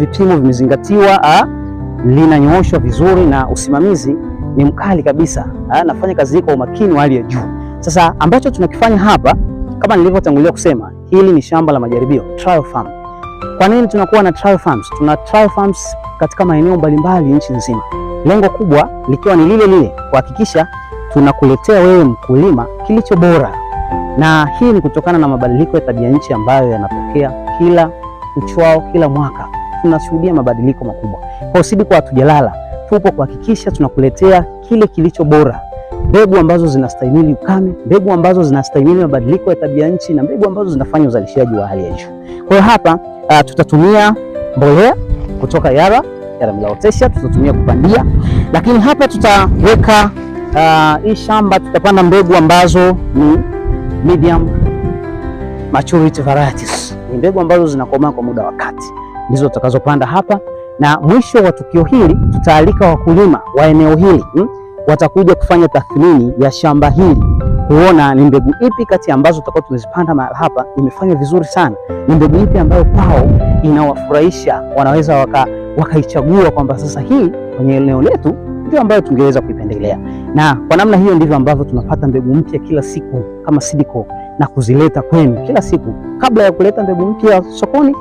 vipimo vimezingatiwa, ah, linanyooshwa vizuri na usimamizi ni mkali kabisa. Ah, nafanya kazi hii kwa umakini wa hali ya juu. Sasa ambacho tunakifanya hapa, kama nilivyotangulia kusema, hili ni shamba la majaribio, trial farm. Kwa nini tunakuwa na trial farms? Tuna trial farms katika maeneo mbalimbali nchi nzima, lengo kubwa likiwa ni lile lile, kuhakikisha tunakuletea wewe mkulima kilicho bora, na hii ni kutokana na mabadiliko ya tabia nchi ambayo yanatokea kila uchwao, kila mwaka tunashuhudia mabadiliko makubwa. Kwa Seed hatujalala, tupo kuhakikisha tunakuletea kile kilicho bora, mbegu ambazo zinastahimili ukame, mbegu ambazo zinastahimili mabadiliko ya tabia nchi na mbegu ambazo zinafanya uzalishaji wa hali ya juu. Kwa hiyo hapa uh, tutatumia mbolea kutoka Yara Yara tutatumia kupandia, lakini hapa tutaweka uh, hii shamba tutapanda mbegu ambazo ni medium maturity varieties, ni mbegu ambazo zinakomaa kwa muda wa kati ndizo tutakazopanda hapa, na mwisho wa tukio hili tutaalika wakulima wa eneo hili hmm, watakuja kufanya tathmini ya shamba hili kuona ni mbegu ipi kati ambazo tutakuwa tumezipanda mahali hapa imefanya vizuri sana, ni mbegu ipi ambayo kwao inawafurahisha, wanaweza waka wakaichagua kwamba sasa hii kwenye eneo letu ndio ambayo tungeweza kuipendelea. Na kwa namna hiyo ndivyo ambavyo tunapata mbegu mpya kila siku kama Sidiko na kuzileta kwenu kila siku. Kabla ya kuleta mbegu mpya sokoni,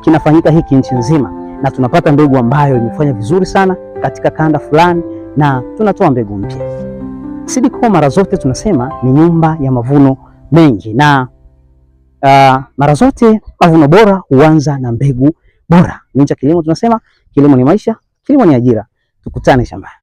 kinafanyika hiki nchi nzima, na tunapata mbegu ambayo imefanya vizuri sana katika kanda fulani, na tunatoa mbegu mpya. Seedcorn mara zote tunasema ni nyumba ya mavuno mengi, na uh, mara zote mavuno bora huanza na mbegu bora. Nje kilimo tunasema kilimo ni maisha, kilimo ni ajira. Tukutane shambani.